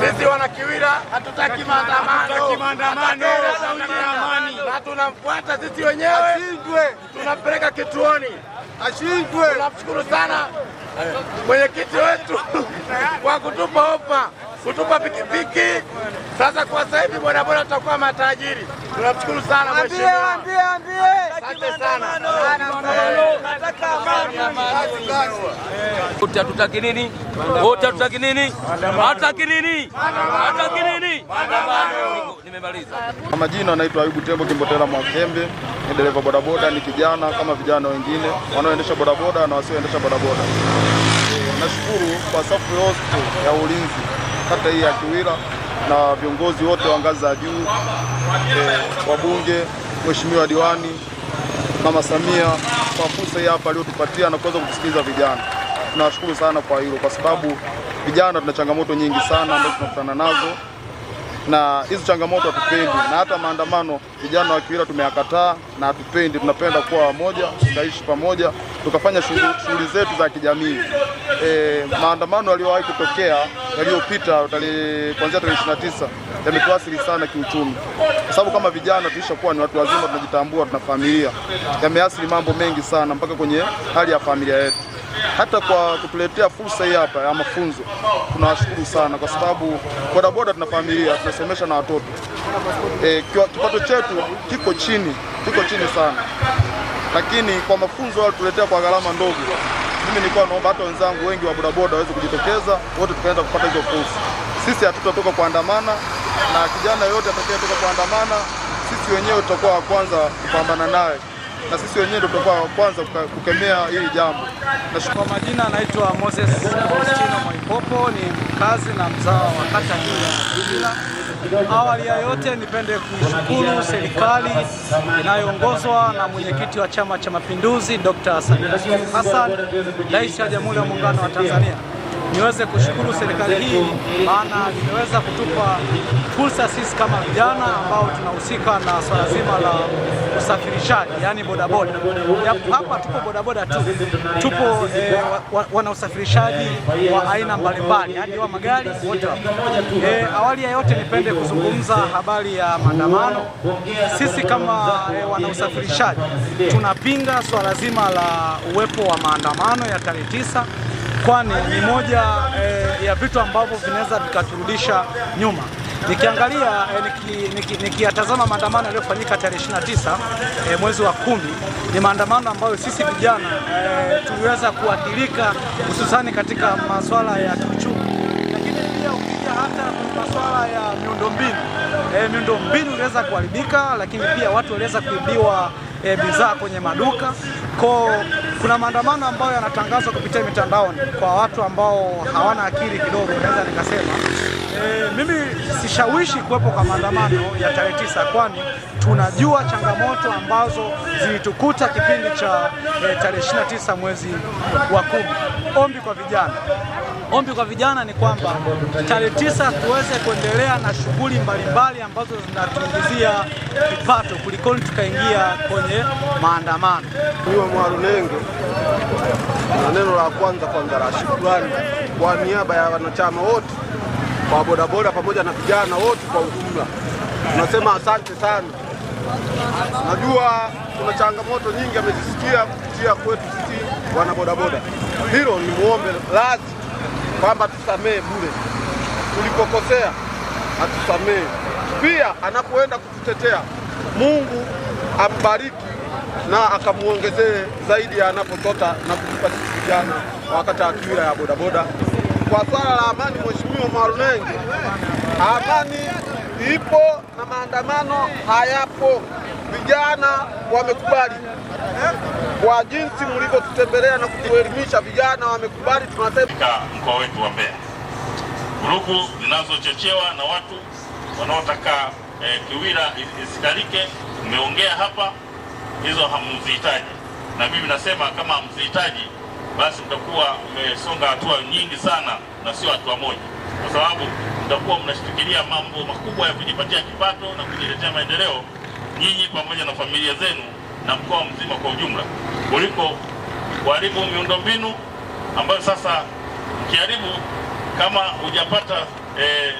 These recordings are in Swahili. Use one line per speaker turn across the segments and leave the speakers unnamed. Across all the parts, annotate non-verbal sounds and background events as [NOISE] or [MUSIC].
Sisi wanakiwira hatutaki
maandamano
na tunamfuata sisi wenyewe, tunapeleka kituoni.
Ashindwe.
Tunamshukuru sana mwenyekiti wetu [LAUGHS] kwa kutupa ofa, kutupa pikipiki. Sasa kwa sasa hivi bodaboda tutakuwa matajiri. Tunamshukuru sana
mheshimiwa. ambie, ambie.
Asante sana
kuti hatutaki nini? Wote hatutaki nini? Hatutaki nini? Hatutaki nini?
Nimemaliza. Kwa majina anaitwa Ayubu Tembo Kimbotela Mwakembe, ni dereva bodaboda, ni kijana kama vijana wengine wanaoendesha bodaboda na wasioendesha bodaboda. Nashukuru kwa safu yote ya ulinzi kata hii ya Kiwira na viongozi wote wa ngazi za juu e, eh, wabunge, mheshimiwa diwani, mama Samia kwa fursa hii hapa aliyotupatia na kuweza kutusikiliza vijana tunawashukuru sana kwa hilo, kwa sababu vijana tuna changamoto nyingi sana ambazo tunakutana nazo, na hizo changamoto hatupendi, na hata maandamano vijana wa Kiwira tumeyakataa na hatupendi. Tunapenda kuwa wamoja, tukaishi pamoja, tukafanya shughuli zetu za kijamii. E, maandamano yaliyowahi kutokea yaliyopita kuanzia tarehe 29 yametuathiri sana kiuchumi, kwa sababu kama vijana kuwa ni watu wazima, tunajitambua, tuna familia. Yameathiri mambo mengi sana mpaka kwenye hali ya familia yetu hata kwa kutuletea fursa hii hapa ya mafunzo. Tunawashukuru sana kwa sababu bodaboda tuna familia, tunasomesha na watoto e, kipato chetu kiko chini, kiko chini sana, lakini kwa mafunzo tuletea kwa gharama ndogo, mimi nilikuwa naomba hata wenzangu wengi wa bodaboda waweze kujitokeza, wote tukaenda kupata hizo fursa. Sisi hatutatoka kuandamana, na kijana yoyote atakayetoka kuandamana, sisi wenyewe tutakuwa wa kwanza kupambana naye na sisi wenyewe ndio tutakuwa kwanza kukemea hili jambo.
Kwa majina anaitwa Moses Agustino Mwaipopo, ni mkazi na mzao wa kata hii ya Uvila. Awali ya yote nipende kuishukuru serikali inayoongozwa na mwenyekiti wa Chama cha Mapinduzi Dr. Samia Suluhu Hassan, Rais wa Jamhuri ya Muungano wa Tanzania niweze kushukuru serikali hii, maana imeweza kutupa fursa sisi kama vijana ambao tunahusika na swala zima la usafirishaji, yani bodaboda. Hapa tupo bodaboda tu, tupo eh, wana usafirishaji wa aina mbalimbali, hadi wa magari wote. Eh, awali ya yote nipende kuzungumza habari ya maandamano. Sisi kama eh, wana usafirishaji tunapinga swala zima la uwepo wa maandamano ya tarehe tisa kwani ni moja e, ya vitu ambavyo vinaweza vikaturudisha nyuma. Nikiangalia e, eh, nikiyatazama niki, niki maandamano yaliyofanyika tarehe 29 e, eh, mwezi wa kumi, ni maandamano ambayo sisi vijana e, tuliweza kuathirika hususani katika masuala ya kiuchumi, lakini pia ukija hata masuala ya miundombinu e, miundombinu iliweza kuharibika, lakini pia watu waliweza kuibiwa e, bidhaa kwenye maduka ko kuna maandamano ambayo yanatangazwa kupitia mitandaoni kwa watu ambao hawana akili kidogo, naweza nikasema e, mimi sishawishi kuwepo kwa maandamano ya tarehe tisa, kwani tunajua changamoto ambazo zilitukuta kipindi cha e, tarehe 29 mwezi wa kumi. Ombi kwa vijana Ombi kwa vijana ni kwamba tarehe tisa tuweze kuendelea na shughuli mbalimbali ambazo zinatuingizia kipato kulikoni tukaingia kwenye maandamano.
Mimi Mwarunenge, na neno la kwanza kwanza la shukrani kwa niaba ya wanachama wote kwa bodaboda pamoja na vijana wote kwa ujumla, tunasema asante sana. Najua kuna changamoto nyingi amezisikia kupitia kwetu sisi wanabodaboda, hilo ni muombe lazima kwamba tusamee bure, tulipokosea atusamee pia. Anapoenda kututetea, Mungu ambariki na akamwongezee zaidi ya anapotota na kutupa sisi vijana wakati akiwa ya bodaboda kwa swala la amani. Mheshimiwa Mwalunenge, amani ipo na maandamano hayapo vijana wamekubali kwa jinsi mlivyotutembelea na kutuelimisha, vijana wamekubali. Tunasema
mkoa wetu wa Mbeya, vurugu zinazochochewa na watu wanaotaka eh, Kiwira isikalike, mmeongea hapa, hizo hamzihitaji, na mimi nasema kama hamzihitaji, basi mtakuwa mmesonga hatua nyingi sana na sio hatua moja, kwa sababu mtakuwa mnashikilia mambo makubwa ya kujipatia kipato na kujiletea maendeleo nyinyi pamoja na familia zenu na mkoa mzima kwa ujumla, kuliko kuharibu miundombinu ambayo sasa mkiharibu, kama hujapata eh,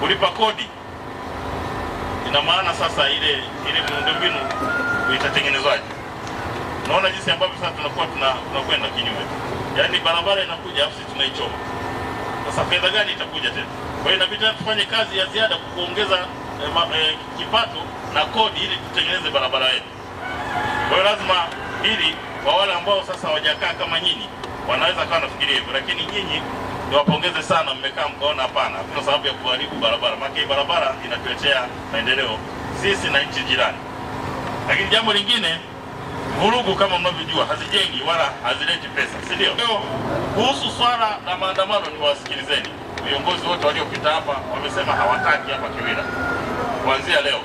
kulipa kodi, ina maana sasa ile ile miundombinu itatengenezwaje? Naona jinsi ambavyo sasa tunakuwa tunakwenda kinyume, yaani barabara inakuja afsi tunaichoma. Sasa fedha gani itakuja tena? Kwa hiyo inabidi tufanye kazi ya ziada kuongeza Eh, eh, kipato na kodi ili tutengeneze barabara yetu. Kwa hiyo lazima hili kwa wale ambao sasa hawajakaa kama nyinyi wanaweza kawa nafikiria hivyo, lakini nyinyi niwapongeze sana, mmekaa mkaona hapana, hakuna sababu ya kuharibu barabara, maana hii barabara inatuletea maendeleo sisi na nchi jirani. Lakini jambo lingine, vurugu kama mnavyojua hazijengi wala hazileti pesa, si ndio? Leo kuhusu swala la maandamano, niwasikilizeni viongozi wote waliopita hapa, wamesema hawataki hapa Kiwira kuanzia leo.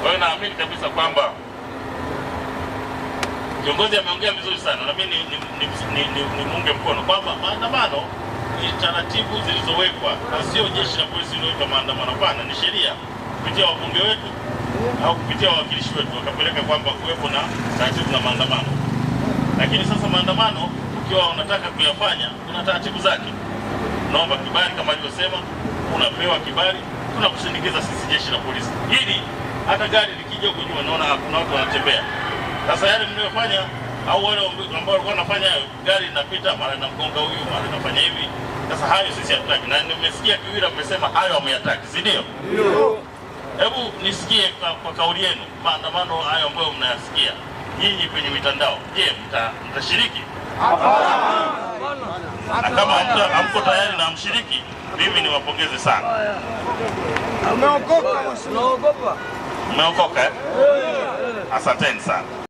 Kwa hiyo naamini kabisa kwamba kiongozi ameongea vizuri sana, na mimi nimuunge mkono kwamba maandamano ni taratibu zilizowekwa na sio jeshi la polisi lililoweka maandamano. Hapana, ni sheria kupitia wabunge wetu au kupitia wawakilishi wetu wakapeleka kwamba kuwepo na taratibu za maandamano. Lakini sasa maandamano ukiwa unataka kuyafanya, kuna taratibu zake. Unaomba kibali kama alivyosema, unapewa kibali hakuna kusindikiza sisi jeshi la polisi. Hili hata gari likija juu, naona kuna watu wanatembea. Sasa yale mnayofanya au wale ambao walikuwa wanafanya gari linapita mara na mgonga huyu mara nafanya hivi. Sasa hayo sisi hatutaki, na nimesikia Kiwira mmesema hayo ameyataki, si ndio? Ndio. Hebu nisikie kwa, kwa kauli yenu, maandamano hayo ambayo mnayasikia nyinyi kwenye mitandao, je, mtashiriki? na kama hamko tayari na mshiriki mimi niwapongeze sana.
Umeokoka,
mmeokoka, eh? asanteni sana.